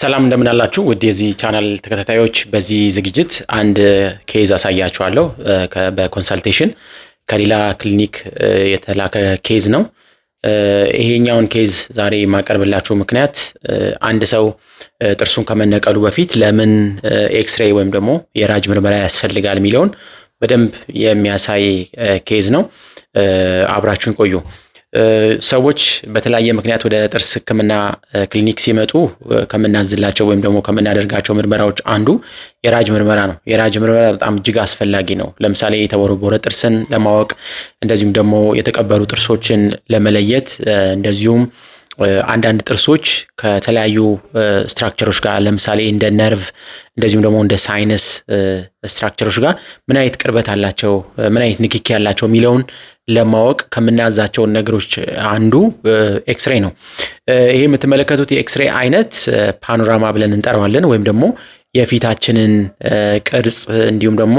ሰላም እንደምናላችሁ ውድ የዚህ ቻናል ተከታታዮች፣ በዚህ ዝግጅት አንድ ኬዝ አሳያችኋለሁ። በኮንሳልቴሽን ከሌላ ክሊኒክ የተላከ ኬዝ ነው። ይሄኛውን ኬዝ ዛሬ የማቀርብላችሁ ምክንያት አንድ ሰው ጥርሱን ከመነቀሉ በፊት ለምን ኤክስሬይ ወይም ደግሞ የራጅ ምርመራ ያስፈልጋል የሚለውን በደንብ የሚያሳይ ኬዝ ነው። አብራችሁን ቆዩ። ሰዎች በተለያየ ምክንያት ወደ ጥርስ ሕክምና ክሊኒክ ሲመጡ ከምናዝላቸው ወይም ደግሞ ከምናደርጋቸው ምርመራዎች አንዱ የራጅ ምርመራ ነው። የራጅ ምርመራ በጣም እጅግ አስፈላጊ ነው። ለምሳሌ የተቦረቦረ ጥርስን ለማወቅ እንደዚሁም ደግሞ የተቀበሩ ጥርሶችን ለመለየት እንደዚሁም አንዳንድ ጥርሶች ከተለያዩ ስትራክቸሮች ጋር ለምሳሌ እንደ ነርቭ እንደዚሁም ደግሞ እንደ ሳይነስ ስትራክቸሮች ጋር ምን አይነት ቅርበት አላቸው፣ ምን አይነት ንክኪ ያላቸው የሚለውን ለማወቅ ከምናዛቸውን ነገሮች አንዱ ኤክስሬ ነው። ይሄ የምትመለከቱት የኤክስሬ አይነት ፓኖራማ ብለን እንጠራዋለን ወይም ደግሞ የፊታችንን ቅርጽ እንዲሁም ደግሞ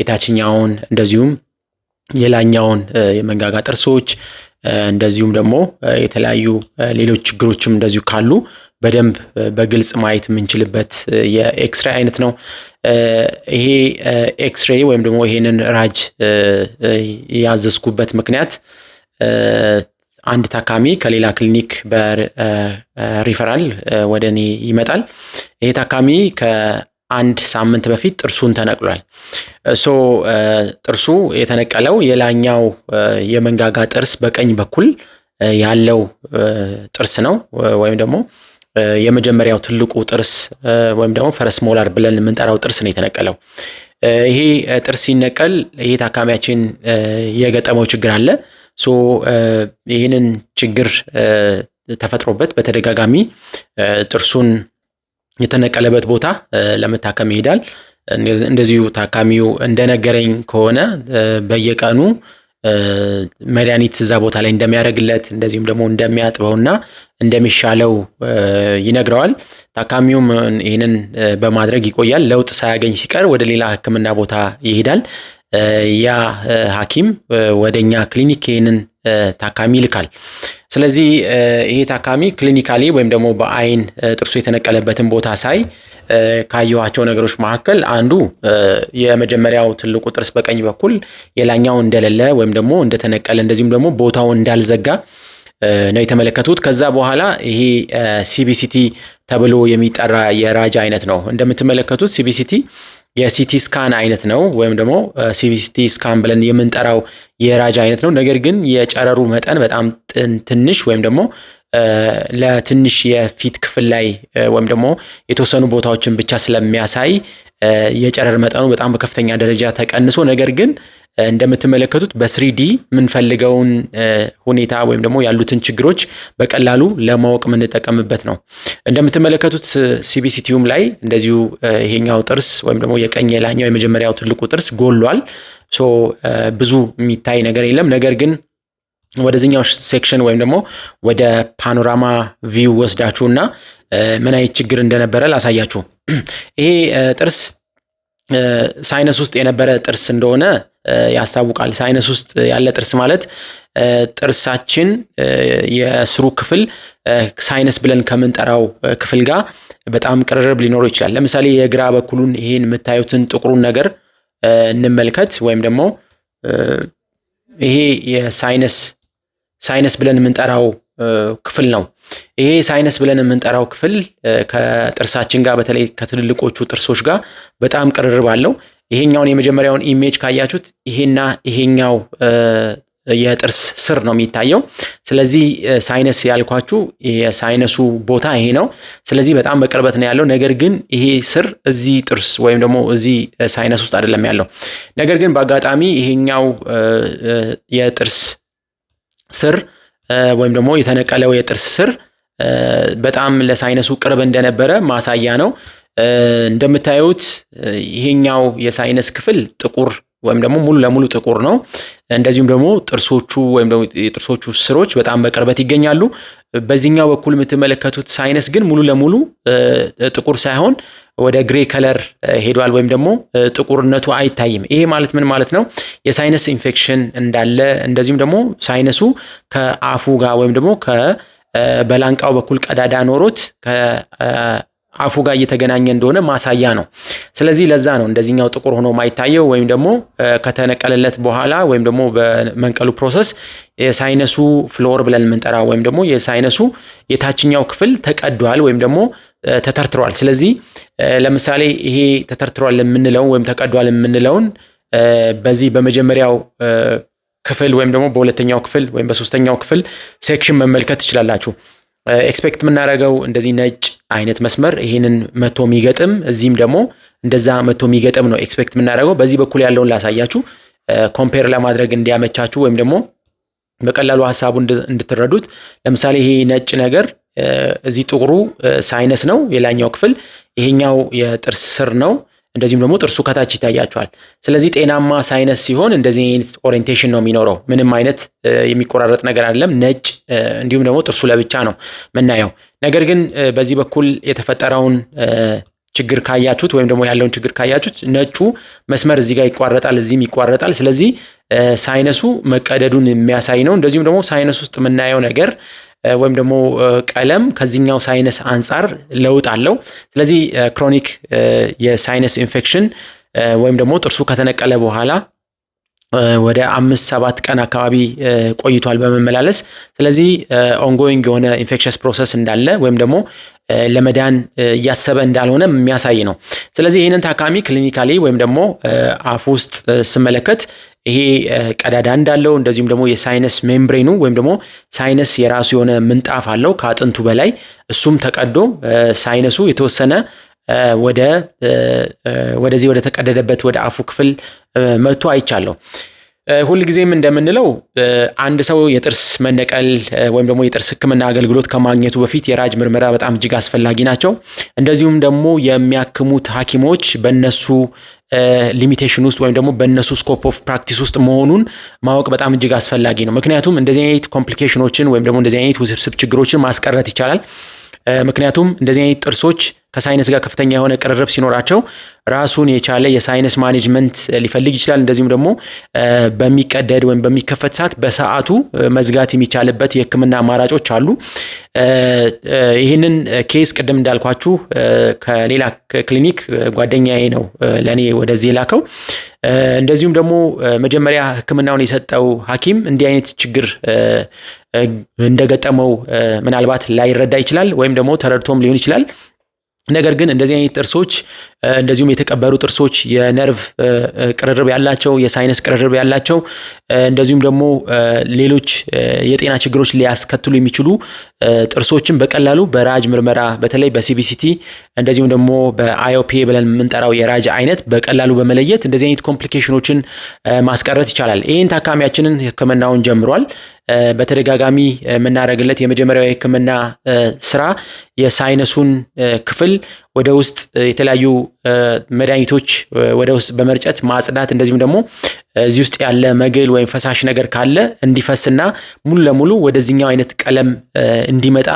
የታችኛውን እንደዚሁም የላኛውን የመንጋጋ ጥርሶች እንደዚሁም ደግሞ የተለያዩ ሌሎች ችግሮችም እንደዚሁ ካሉ በደንብ በግልጽ ማየት የምንችልበት የኤክስሬ አይነት ነው። ይሄ ኤክስሬ ወይም ደግሞ ይሄንን ራጅ ያዘዝኩበት ምክንያት አንድ ታካሚ ከሌላ ክሊኒክ በሪፈራል ወደ እኔ ይመጣል። ይሄ ታካሚ አንድ ሳምንት በፊት ጥርሱን ተነቅሏል። ሶ ጥርሱ የተነቀለው የላኛው የመንጋጋ ጥርስ በቀኝ በኩል ያለው ጥርስ ነው ወይም ደግሞ የመጀመሪያው ትልቁ ጥርስ ወይም ደግሞ ፈረስ ሞላር ብለን የምንጠራው ጥርስ ነው የተነቀለው። ይሄ ጥርስ ሲነቀል ይሄ ታካሚያችን የገጠመው ችግር አለ። ሶ ይህንን ችግር ተፈጥሮበት በተደጋጋሚ ጥርሱን የተነቀለበት ቦታ ለመታከም ይሄዳል። እንደዚሁ ታካሚው እንደነገረኝ ከሆነ በየቀኑ መድኃኒት እዛ ቦታ ላይ እንደሚያደርግለት እንደዚሁም ደግሞ እንደሚያጥበውና እንደሚሻለው ይነግረዋል። ታካሚውም ይህንን በማድረግ ይቆያል። ለውጥ ሳያገኝ ሲቀር ወደ ሌላ ሕክምና ቦታ ይሄዳል። ያ ሐኪም ወደኛ ክሊኒክ ይህንን ታካሚ ይልካል። ስለዚህ ይሄ ታካሚ ክሊኒካሊ ወይም ደግሞ በአይን ጥርሱ የተነቀለበትን ቦታ ሳይ ካየኋቸው ነገሮች መካከል አንዱ የመጀመሪያው ትልቁ ጥርስ በቀኝ በኩል የላኛው እንደሌለ ወይም ደግሞ እንደተነቀለ እንደዚሁም ደግሞ ቦታው እንዳልዘጋ ነው የተመለከቱት። ከዛ በኋላ ይሄ ሲቢሲቲ ተብሎ የሚጠራ የራጃ አይነት ነው። እንደምትመለከቱት ሲቢሲቲ የሲቲ ስካን አይነት ነው ወይም ደግሞ ሲቲ ስካን ብለን የምንጠራው የራጅ አይነት ነው። ነገር ግን የጨረሩ መጠን በጣም ትንሽ ወይም ደግሞ ለትንሽ የፊት ክፍል ላይ ወይም ደግሞ የተወሰኑ ቦታዎችን ብቻ ስለሚያሳይ የጨረር መጠኑ በጣም በከፍተኛ ደረጃ ተቀንሶ ነገር ግን እንደምትመለከቱት በስሪዲ የምንፈልገውን ሁኔታ ወይም ደግሞ ያሉትን ችግሮች በቀላሉ ለማወቅ የምንጠቀምበት ነው። እንደምትመለከቱት ሲቢሲቲዩም ላይ እንደዚሁ ይሄኛው ጥርስ ወይም ደግሞ የቀኝ የላኛው የመጀመሪያው ትልቁ ጥርስ ጎሏል። ሶ ብዙ የሚታይ ነገር የለም። ነገር ግን ወደዚህኛው ሴክሽን ወይም ደግሞ ወደ ፓኖራማ ቪው ወስዳችሁ እና ምን አይነት ችግር እንደነበረ ላሳያችሁ። ይሄ ጥርስ ሳይነስ ውስጥ የነበረ ጥርስ እንደሆነ ያስታውቃል። ሳይነስ ውስጥ ያለ ጥርስ ማለት ጥርሳችን የስሩ ክፍል ሳይነስ ብለን ከምንጠራው ክፍል ጋር በጣም ቅርርብ ሊኖረው ይችላል። ለምሳሌ የግራ በኩሉን ይህን የምታዩትን ጥቁሩን ነገር እንመልከት። ወይም ደግሞ ይሄ የሳይነስ ሳይነስ ብለን የምንጠራው ክፍል ነው። ይሄ ሳይነስ ብለን የምንጠራው ክፍል ከጥርሳችን ጋር በተለይ ከትልልቆቹ ጥርሶች ጋር በጣም ቅርርብ አለው። ይሄኛውን የመጀመሪያውን ኢሜጅ ካያችሁት ይሄና ይሄኛው የጥርስ ስር ነው የሚታየው። ስለዚህ ሳይነስ ያልኳችሁ የሳይነሱ ቦታ ይሄ ነው። ስለዚህ በጣም በቅርበት ነው ያለው። ነገር ግን ይሄ ስር እዚህ ጥርስ ወይም ደግሞ እዚህ ሳይነስ ውስጥ አይደለም ያለው። ነገር ግን በአጋጣሚ ይሄኛው የጥርስ ስር ወይም ደግሞ የተነቀለው የጥርስ ስር በጣም ለሳይነሱ ቅርብ እንደነበረ ማሳያ ነው። እንደምታዩት ይሄኛው የሳይነስ ክፍል ጥቁር ወይም ደግሞ ሙሉ ለሙሉ ጥቁር ነው። እንደዚሁም ደግሞ ጥርሶቹ ወይም ደግሞ የጥርሶቹ ስሮች በጣም በቅርበት ይገኛሉ። በዚህኛው በኩል የምትመለከቱት ሳይነስ ግን ሙሉ ለሙሉ ጥቁር ሳይሆን ወደ ግሬ ከለር ሄዷል፣ ወይም ደግሞ ጥቁርነቱ አይታይም። ይሄ ማለት ምን ማለት ነው? የሳይነስ ኢንፌክሽን እንዳለ እንደዚሁም ደግሞ ሳይነሱ ከአፉ ጋር ወይም ደግሞ በላንቃው በኩል ቀዳዳ ኖሮት አፉ ጋር እየተገናኘ እንደሆነ ማሳያ ነው። ስለዚህ ለዛ ነው እንደዚህኛው ጥቁር ሆኖ ማይታየው ወይም ደግሞ ከተነቀለለት በኋላ ወይም ደግሞ በመንቀሉ ፕሮሰስ የሳይነሱ ፍሎር ብለን የምንጠራ ወይም ደግሞ የሳይነሱ የታችኛው ክፍል ተቀዷል ወይም ደግሞ ተተርትሯል። ስለዚህ ለምሳሌ ይሄ ተተርትሯል የምንለውን ወይም ተቀዷል የምንለውን በዚህ በመጀመሪያው ክፍል ወይም ደግሞ በሁለተኛው ክፍል ወይም በሶስተኛው ክፍል ሴክሽን መመልከት ትችላላችሁ። ኤክስፔክት የምናደርገው እንደዚህ ነጭ አይነት መስመር ይህንን መቶ የሚገጥም እዚህም ደግሞ እንደዛ መቶ የሚገጥም ነው ኤክስፔክት የምናደርገው። በዚህ በኩል ያለውን ላሳያችሁ ኮምፔር ለማድረግ እንዲያመቻችሁ ወይም ደግሞ በቀላሉ ሀሳቡ እንድትረዱት። ለምሳሌ ይሄ ነጭ ነገር እዚህ ጥቁሩ ሳይነስ ነው የላኛው ክፍል፣ ይሄኛው የጥርስ ስር ነው። እንደዚሁም ደግሞ ጥርሱ ከታች ይታያቸዋል። ስለዚህ ጤናማ ሳይነስ ሲሆን እንደዚህ አይነት ነው የሚኖረው። ምንም አይነት የሚቆራረጥ ነገር አይደለም። ነጭ እንዲሁም ደግሞ ጥርሱ ለብቻ ነው የምናየው ነገር ግን በዚህ በኩል የተፈጠረውን ችግር ካያችሁት ወይም ደግሞ ያለውን ችግር ካያችሁት ነጩ መስመር እዚህ ጋር ይቋረጣል፣ እዚህም ይቋረጣል። ስለዚህ ሳይነሱ መቀደዱን የሚያሳይ ነው። እንደዚሁም ደግሞ ሳይነስ ውስጥ የምናየው ነገር ወይም ደግሞ ቀለም ከዚኛው ሳይነስ አንጻር ለውጥ አለው። ስለዚህ ክሮኒክ የሳይነስ ኢንፌክሽን ወይም ደግሞ ጥርሱ ከተነቀለ በኋላ ወደ አምስት ሰባት ቀን አካባቢ ቆይቷል በመመላለስ። ስለዚህ ኦንጎይንግ የሆነ ኢንፌክሸስ ፕሮሰስ እንዳለ ወይም ደግሞ ለመዳን እያሰበ እንዳልሆነ የሚያሳይ ነው። ስለዚህ ይህንን ታካሚ ክሊኒካሊ ወይም ደግሞ አፍ ውስጥ ስመለከት ይሄ ቀዳዳ እንዳለው እንደዚሁም ደግሞ የሳይነስ ሜምብሬኑ ወይም ደግሞ ሳይነስ የራሱ የሆነ ምንጣፍ አለው ከአጥንቱ በላይ እሱም ተቀዶ ሳይነሱ የተወሰነ ወደዚህ ወደ ተቀደደበት ወደ አፉ ክፍል መጥቶ አይቻለሁ። ሁልጊዜም እንደምንለው አንድ ሰው የጥርስ መነቀል ወይም ደግሞ የጥርስ ሕክምና አገልግሎት ከማግኘቱ በፊት የራጅ ምርመራ በጣም እጅግ አስፈላጊ ናቸው። እንደዚሁም ደግሞ የሚያክሙት ሐኪሞች በነሱ ሊሚቴሽን ውስጥ ወይም ደግሞ በእነሱ ስኮፕ ኦፍ ፕራክቲስ ውስጥ መሆኑን ማወቅ በጣም እጅግ አስፈላጊ ነው። ምክንያቱም እንደዚህ አይነት ኮምፕሊኬሽኖችን ወይም ደግሞ እንደዚህ አይነት ውስብስብ ችግሮችን ማስቀረት ይቻላል። ምክንያቱም እንደዚህ አይነት ጥርሶች ከሳይንስ ጋር ከፍተኛ የሆነ ቅርርብ ሲኖራቸው ራሱን የቻለ የሳይንስ ማኔጅመንት ሊፈልግ ይችላል። እንደዚሁም ደግሞ በሚቀደድ ወይም በሚከፈት ሰዓት በሰዓቱ መዝጋት የሚቻልበት የሕክምና አማራጮች አሉ። ይህንን ኬስ ቅድም እንዳልኳችሁ ከሌላ ክሊኒክ ጓደኛዬ ነው ለእኔ ወደዚህ የላከው። እንደዚሁም ደግሞ መጀመሪያ ሕክምናውን የሰጠው ሐኪም እንዲህ አይነት ችግር እንደገጠመው ምናልባት ላይረዳ ይችላል ወይም ደግሞ ተረድቶም ሊሆን ይችላል ነገር ግን እንደዚህ አይነት ጥርሶች እንደዚሁም የተቀበሩ ጥርሶች የነርቭ ቅርርብ ያላቸው፣ የሳይነስ ቅርርብ ያላቸው እንደዚሁም ደግሞ ሌሎች የጤና ችግሮች ሊያስከትሉ የሚችሉ ጥርሶችን በቀላሉ በራጅ ምርመራ በተለይ በሲቢሲቲ እንደዚሁም ደግሞ በአዮፔ ብለን የምንጠራው የራጅ አይነት በቀላሉ በመለየት እንደዚህ አይነት ኮምፕሊኬሽኖችን ማስቀረት ይቻላል። ይህን ታካሚያችንን ሕክምናውን ጀምሯል። በተደጋጋሚ የምናደርግለት የመጀመሪያው የህክምና ስራ የሳይነሱን ክፍል ወደ ውስጥ የተለያዩ መድኃኒቶች ወደ ውስጥ በመርጨት ማጽዳት፣ እንደዚሁም ደግሞ እዚህ ውስጥ ያለ መግል ወይም ፈሳሽ ነገር ካለ እንዲፈስና ሙሉ ለሙሉ ወደዚህኛው አይነት ቀለም እንዲመጣ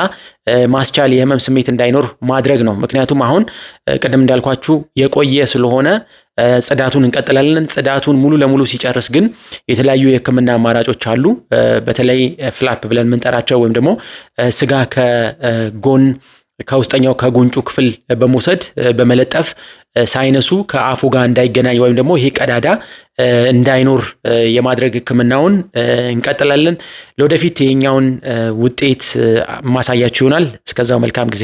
ማስቻል የህመም ስሜት እንዳይኖር ማድረግ ነው። ምክንያቱም አሁን ቅድም እንዳልኳችሁ የቆየ ስለሆነ ጽዳቱን እንቀጥላለን። ጽዳቱን ሙሉ ለሙሉ ሲጨርስ ግን የተለያዩ የህክምና አማራጮች አሉ። በተለይ ፍላፕ ብለን የምንጠራቸው ወይም ደግሞ ስጋ ከጎን ከውስጠኛው ከጉንጩ ክፍል በመውሰድ በመለጠፍ ሳይነሱ ከአፉ ጋር እንዳይገናኝ ወይም ደግሞ ይሄ ቀዳዳ እንዳይኖር የማድረግ ሕክምናውን እንቀጥላለን። ለወደፊት ይሄኛውን ውጤት ማሳያችሁ ይሆናል። እስከዛው መልካም ጊዜ